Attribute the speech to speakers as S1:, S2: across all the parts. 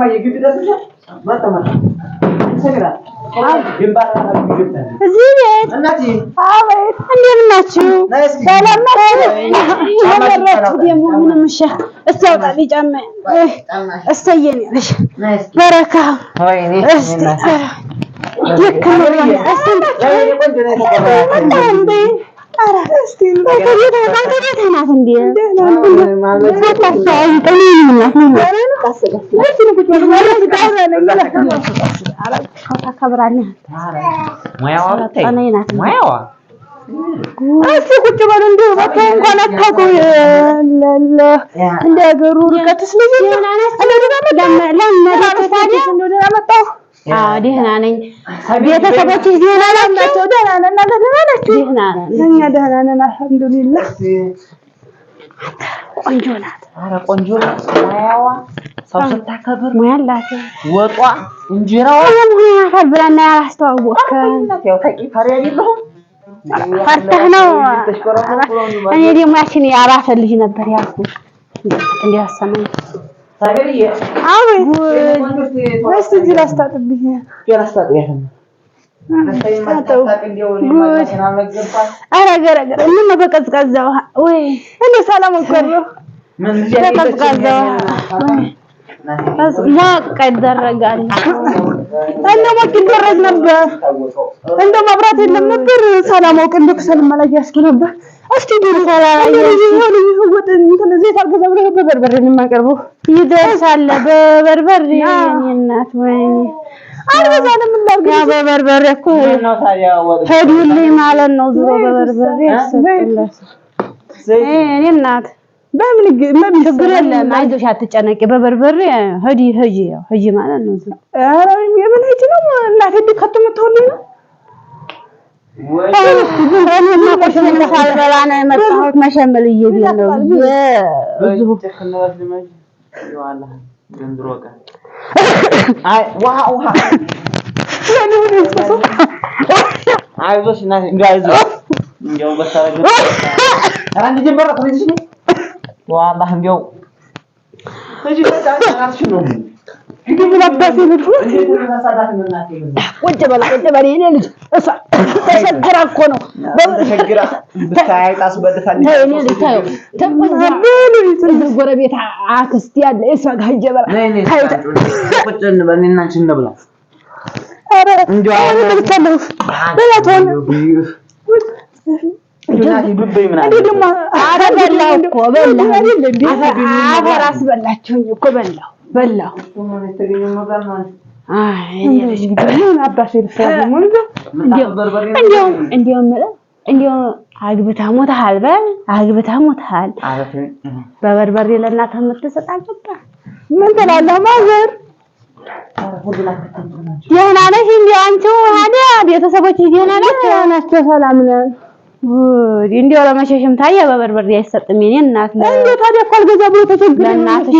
S1: በረካ
S2: እስኪ ቁጭ በሉ እንደው በቃ እንኳን አታውቀው እንደ ሀገሩ ርቀትስ ልጅ ነው። አዎ ደህና ነኝ። ቤተሰቦችሽ ደህና ናቸው? ደህና ነን እናንተ ደህና ናችሁ? ደህና ነን እኛ ደህና ነን አልሐምዱሊላህ። ቆንጆ ናት።
S1: ኧረ ቆንጆ ናት። ሙያዋ ሰው ስታከብር ሙያ አላት። ወጧ እንጀራዋ
S2: ያምራል። ብላና ያላስተዋወቅከን
S1: ያው ታውቂ ፈሪ አይደለሁም
S2: ፈርተህ ነው። እኔ ደግሞ ያችን የአባተ ልጅ ነበር ያልኩት እንዲያሰማኝ በቀዝቃዛ ውሃ ወይ እንደ ሰላም እኮ ነው። በቀዝቃዛ ውሃ ሞቅ ይደረጋል። እንደው ሞቅ ይደረግ ነበር። እንደው መብራት የለም ነበር። ሳላሞቅ እንደው ከሰል መላጅ ያስኩ ነበር። እስኪ ግን በበርበሬን የማቀርበው ይደርሳል። በበርበሬ እናት ወይ በበርበሬ እኮ ሄዱልኝ ማለት ነው። ዙሮ በበርበሬ እናት በምን ምን ችግር የለም። አይዞሽ አትጨነቂ። በበርበሬ ሂጂ ሂጂ ሂጂ ማለት ነው። ኧረ የምን ሂጂ ነው እናቴ እንደ ከተመታሁልኝ ነው። ሳልበላ ነው የመጣሁት። መሸመል እየሄድን ነው።
S1: አይዞሽ እናቴ እንደው አይዞሽ እንደው በሳረ واضح الجو
S2: ወጀበላ ወጀበላ የኔ ልጅ ተሸግራ እኮ ነው
S1: ተሸግራ ብታይ ታስበድታለች። የኔ
S2: ልጅ ታየው ተቆጣ ጎረቤት አክስት ያለ እሷ ጋር ሂጅ በላ
S1: ታየው ቁጭ እንበል እኔና አንቺ እንብላ።
S2: ኧረ እንዴ አሁን ልብቻለሁ በላት ሆነ አፈር አስበላችሁኝ እኮ አግብታ ሞተሃል በል አግብታ በበርበሬ የምትሰጥ ምን ትላለህ ማዘር? ደህና ነሽ? አንቺው ደህና ናቸው? ሰላም ነው እንዲያው ለመሸሽም ታየ በበርበሬ አይሰጥም። የኔ እናት ነው እንዴ ታዲያ እኮ አልገዛ ብሎ ተቸግሮ ለእናትሽ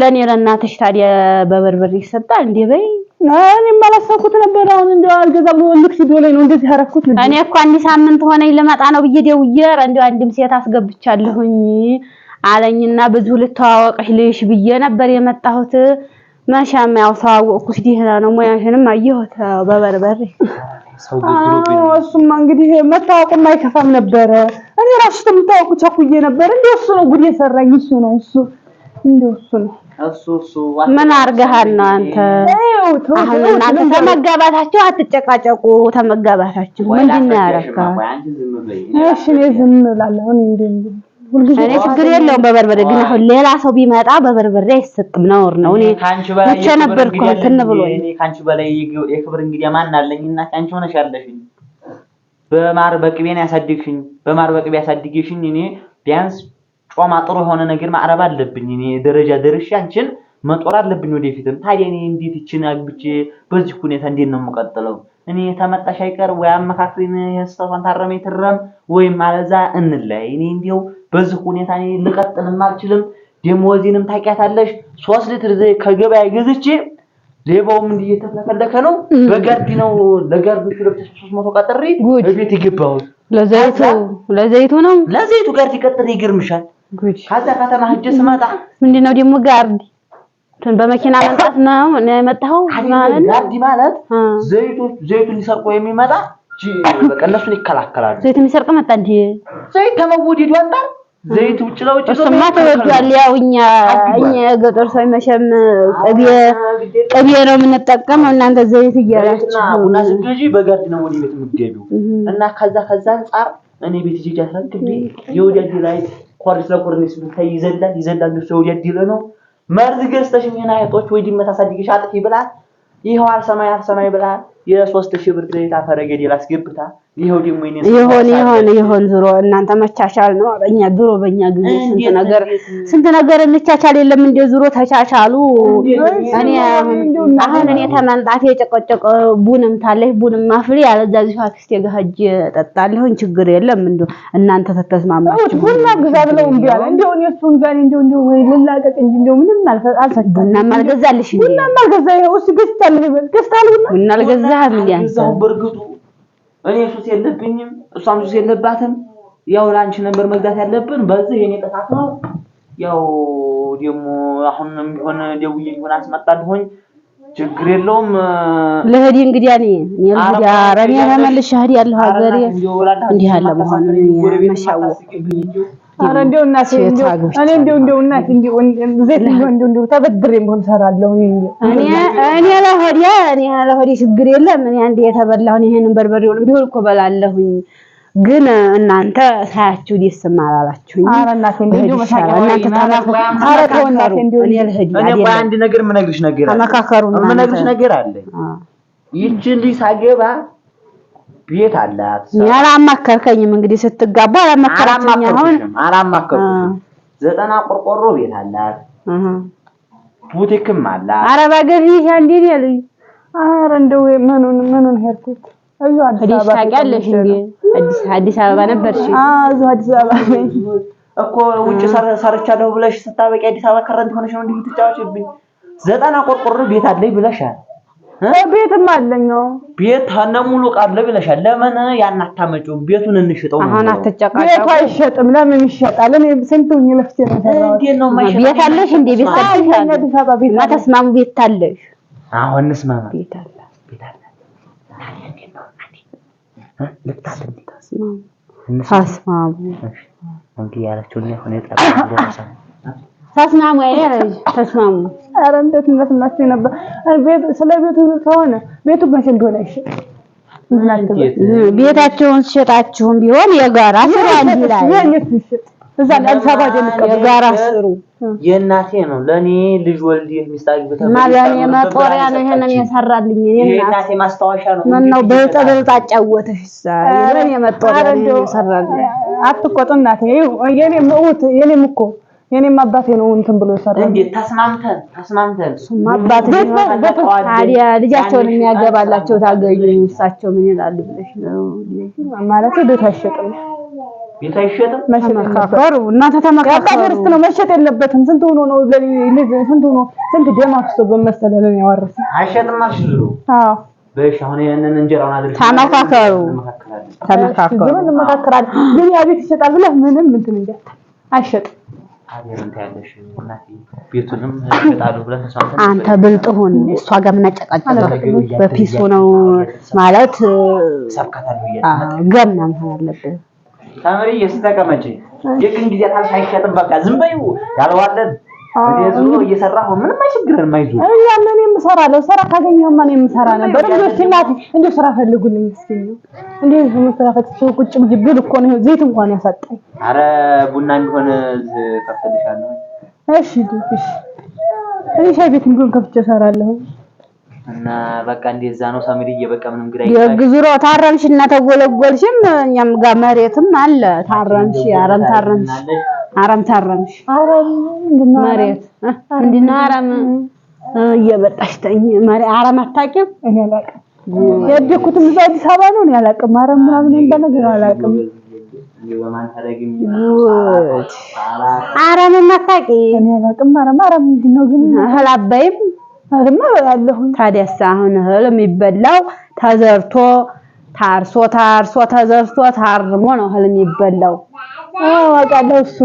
S2: ለኔ ለእናትሽ ታዲያ በበርበሬ ይሰጣል እንዴ? በይ እኔም አላሳኩት ነበር። አሁን እንዲያው አልገዛ ብሎ ልክ ሲዶ ላይ ነው እንደዚህ ያደረኩት። እኔ እኮ አንድ ሳምንት ሆነኝ ልመጣ ነው ብዬ ደውዬ እንዲያው አንድም ሴት አስገብቻለሁኝ አለኝና ብዙ ልተዋወቅሽ ልሽ ብዬ ነበር የመጣሁት መሻም ያው ተዋወቅኩሽ ደህና ነው። ሙያሽንም አየሁት በበርበሬ እሱማ እንግዲህ መታወቁም አይከፋም ነበረ። እኔ ራሱ የምታወቁ ቸኩዬ ነበር። እንደው እሱ ነው ጉድ የሰራኝ እሱ ነው እሱ እንደው እሱ ነው ምን አድርገሃል ነው አንተ? ተመጋባታችሁ አትጨቃጨቁ። ተመጋባታችሁ ምንድን ነው ያደረካት?
S1: እሺ እኔ ዝም
S2: እላለሁ። እኔ ችግር የለውም በበርበሬ ግን አሁን ሌላ ሰው ቢመጣ በበርበሬ አይሰጥም፣ ነውር ነው። እኔ ካንቺ በላይ ተነበርኩ ተነበሎ እኔ ካንቺ
S1: በላይ የክብር እንግዲህ ማን አለኝና ካንቺ ሆነሽ ያለሽኝ በማር በቅቤን ያሳድግሽኝ በማር በቅቤ ያሳድግሽኝ። እኔ ቢያንስ ጮማ ጥሩ የሆነ ነገር ማዕረብ አለብኝ። እኔ ደረጃ ደርሼ አንቺን መጦር አለብኝ ወደፊትም። ታዲያ እኔ እንዴት ይችን አግብቼ በዚህ ሁኔታ እንዴት ነው የምቀጥለው? እኔ ተመጣሽ አይቀር ወይ አመካክሪን የስተፋን ታረመኝ ትረም ወይም አለዛ እንለያይ። እኔ እንዲያው በዚህ ሁኔታ እኔ ልቀጥልም አልችልም። ደሞዜንም ታውቂያታለሽ፣ ሶስት ሊትር ዘይት ከገበያ ገዝቼ ሌባውም እንዲህ እየተፈለከ ነው። በጋርድ ነው ለጋርድ ሽለብሽ 300 ቀጥሪ እቤት የገባሁት
S2: ለዘይቱ ለዘይቱ ነው
S1: ለዘይቱ ጋርድ ቀጥሬ ይገርምሻል። ከዛ ከተማ ሂጅ ስመጣ
S2: ምንድን ነው ደግሞ ጋርድ በመኪና መንጣት ነው የመጣኸው
S1: ማለት ነው። ጋርድ ማለት ዘይቱ ዘይቱ ሊሰርቆ የሚመጣ በቃ እነሱን ይከላከላሉ። ዘይት
S2: የሚሰርቅ መጣ እንዴ? ዘይት ከመወደዱ
S1: አንፃር ዘይት ውጭ ለውጭ እሱማ ተወዷል።
S2: ያው እኛ እኛ የገጠር ሰው መቼም ቅቤ ቅቤ ነው የምንጠቀመው፣ እናንተ ዘይት እያላችሁ
S1: በጋዝ ነው ወደ ቤት የምትገቢው እና ከዛ ከዛ አንጻር እኔ ቤት ሂጅ ያሳን ቅቤ የወዳጅ ላይ ኮርስ ለኮርኒስ ብታይ ይዘላል ይዘላል ነው የወዳጅ ይለ ነው መርዝ ገዝተሽ ምን አይጦች ወይ ድመት አሳድገሽ አጥፊ ብላት ይኸው አልሰማይ አልሰማይ ብላት የሶስት ሺህ ብር ዘይታ ፈረገዴ ላስገብታ ይሄው ደግሞ ይኔ ይሆን
S2: ይሆን ይሆን ዝሮ እናንተ መቻቻል ነው። እኛ ድሮ በእኛ ጊዜ ስንት ነገር ስንት ነገር እንቻቻል የለም እንደ ዝሮ ተቻቻሉ። እኔ አሁን እኔ ተመንጣት የጨቀጨቀ ቡንም ታለሽ ቡንም ማፍሪ ያለዛ ዚሁ አክስቴ ጋር ሂጅ እጠጣለሁ። ችግር የለም እንደው እናንተ ተተስማማችሁ ቡና ግዛ ብለው እምቢ አለ። እንደው እኔ እሱን ጋር እንደው እንደው ወይ ልላቀቅ እንጂ እንደው ምንም አልፈ አልፈ ቡናም አልገዛልሽ ቡናም አልገዛ ይኸው እሱ ገዝታል ገዝታል ቡና አልገዛ ብለሃል እንዴ አንተ? እዛው
S1: በእርግጡ እኔ ሱስ የለብኝም እሷም ሱስ የለባትም። ያው ለአንቺ ነበር መግዛት ያለብን በዚህ የኔ ጥፋት ነው። ያው ደግሞ አሁንም ቢሆን ደውዬ ቢሆን አስመጣልሁኝ ችግር
S2: የለውም። ለህዲ እንግዲህ ያኔ እንግዲያ ረኔ ተመልሼ እህድ ያለው ሀገሬ እንዲህ ያለ መሆኑን መሻወቅ አረ እንደው እናቴ እኔ እንደው እንደው እናቴ እንደው ዘይት እንደው እንደው እንደው ተበድሬም ሆነ እሰራለሁ። እኔ እኔ ለሆዴ እኔ ለሆዴ ችግር የለም። እኔ አንዴ የተበላሁ ይሄንን በርበሬውን ቢሆን እኮ በላለሁኝ፣ ግን እናንተ ሳያችሁ ደስ አላላችሁኝ። አረ እናቴ እንደው መሳቂያ እናንተ ታማኩ። አረ ተው እናቴ እንደው እኔ ለሆዴ
S1: እኔ ቆይ አንድ ነገር የምነግርሽ ነገር አለ። ተመካከሩ የምነግርሽ ነገር አለ። ይቺ ልጅ ሳገባ ቤት
S2: አላት። አላማከርከኝም እንግዲህ ስትጋቡ አላማከርከኝም።
S1: አሁን አላማከርከኝም። ዘጠና ቆርቆሮ ቤት አላት፣
S2: ቡቲክም አላት። ኧረ በግድ ይሄ እንዴት ያሉኝ። ኧረ እንደው ምኑን ምኑን ሄድኩት እዚሁ አዲስ አበባ ታውቂያለሽ እንዴ? አዲስ አዲስ አበባ ነበርሽ? አዎ እዚሁ አዲስ አበባ
S1: እኮ ውጭ ሰርቻለሁ ብለሽ ስታበቂ አዲስ አበባ ከረንት ሆነሽ ነው እንዴ የምትጫወችብኝ። ዘጠና ቆርቆሮ ቤት አለኝ ብለሻል።
S2: ቤትም አለኝ።
S1: ቤት ሙሉ ቃል ብለሻል። ለምን ያን አታመጪውም? ቤቱን እንሽጠው። አሁን አትጨቃጨቁ። ቤቱ አይሸጥም። ለምን ይሸጣል? እኔ ስንቱኝ ለፍቼ ነው። ቤት አለሽ እንዴ? ቤት አለሽ ተስማሙ። ቤት አለሽ። አሁን እንስማማ። ቤት አለ፣ ተስማሙ፣ እንግዲህ ያለችውን ሁኔታ ተስማሙ ተስማሙ።
S2: ኧረ እንደት መስማችሁ ነበር። ስለ ቤቱ ከሆነ ቤቱ መቼ እንደሆነ አይሸጥም። ቤታቸውን ሸጣችሁም ቢሆን የጋራ ስራ የጋራ ስሩ።
S1: የእናቴ ነው ለእኔ ልጅ ወልድ መጦሪያ ነው። ይሄንን የሰራልኝ የእናቴ ማስታወሻ ነው። ምነው በልጠ በልጣ አጫወተሽ የመጦሪያ ነው የሰራልኝ። አትቆጥ እናቴ እኮ የኔም አባቴ ነው እንትን ብሎ ሰራ። እንዴት ተስማምተን ተስማምተን አባቴ ነው ታዲያ ልጃቸውን የሚያገባላቸው ታገኙ እሳቸው ምን ይላሉ ብለሽ ነው ማለት ነው። ቤት አይሸጥም፣ ቤት አይሸጥም። መሸመካከሩ እናንተ ተመካከሩ። ርስት ነው መሸጥ የለበትም። ስንት ሆኖ ነው ለልጅ ስንት ሆኖ ስንት ደም አፍሶ ለኔ ያወረሰ አይሸጥም። አሽሉ አዎ በሽ አሁን ያንን እንጀራውን አድርሽ ተመካከሩ፣ ተመካከሩ። ምን መካከራል? ግን ያ ቤት ይሸጣል ብለህ ምንም እንትን እንጃ አይሸጥም አንተ ብልጥ ሁን። እሷ ጋር ምናጨቃጨቅ በፒስ ነው ማለት ገምና መሆን አለብህ። ተምሪ እየስተቀመጭ የቅን ጊዜ ታሳይሸጥም በቃ ዝም በይው ያልዋለን እሱ እየሰራሁ ምንም አይቸግረንም። አይዞህ እያለ እኔም እሰራለሁ። ስራ ካገኘሁማ እኔም እሰራ ነበር። ልጆች እናቴ እንደው ስራ ፈልጉልኝ እስኪ እንደው ስራ ፈትቼ ቁጭ ብዬ እኮ ነው ዘይት እንኳን ያሳጣኝ። ኧረ ቡና እንዲሆን ከፍልሻለሁ። እሺ እሺ፣ እኔ ሻይ ቤት እንዲሆን ከፍቼ እሰራለሁ። እና በቃ እንደዛ ነው ሳሚልዬ። በቃ ምንም ግራ የግዙሮ ታረምሽ እና ተጎለጎልሽም እኛም ጋር መሬትም አለ ታረምሽ፣ አረም ታረምሽ አረም ታረምሽ መሬት እንዲህ ነው። አረም እየበጣሽ ተኝ መሬት አረም አታውቂም። ያደኩትም እዛ አዲስ አበባ ነው። እኔ አላውቅም አረም ምናምን የሚባል ነገር አላውቅም። አረም ማታውቂ እኔ አላውቅም። አረም አረም ምንድን ነው ግን? እህል አባይም አረም አላለሁ። ታዲያስ አሁን እህል የሚበላው ተዘርቶ ታርሶ ታርሶ ተዘርቶ ታርሞ ነው እህል የሚበላው። አውቃለሁ። እሱ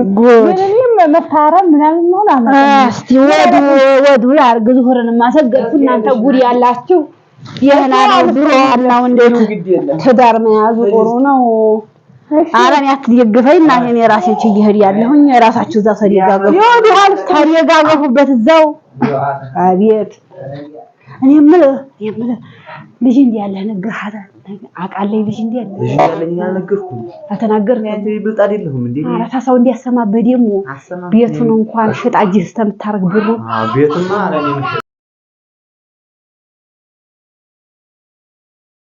S1: እናንተ ጉድ ያላችሁ ይህን አለው ድሮ ያለው እንዴት ትዳር መያዙ ጥሩ ነው። ኧረ እኔ አትደግፈኝ እና እኔ ራሴ ችዬ እህድ ያለሁኝ ራሳችሁ እዛው ተደጋገፉበት እዛው። አቤት እኔ የምልህ ልጅ እንዲህ ያለህ ነግሬሃታል አቃለይ ልጅ እንዴ አለ ልጅ እንዳለኝ አልነገርኩም። አልተናገርኩም እንዴ ብልጥ አይደለሁም እንዴ? አራታ ሰው እንዲያሰማ በደሙ ቤቱን እንኳን ሽጣ እጅህ እስከምታረግ ብሩ ቤቱማ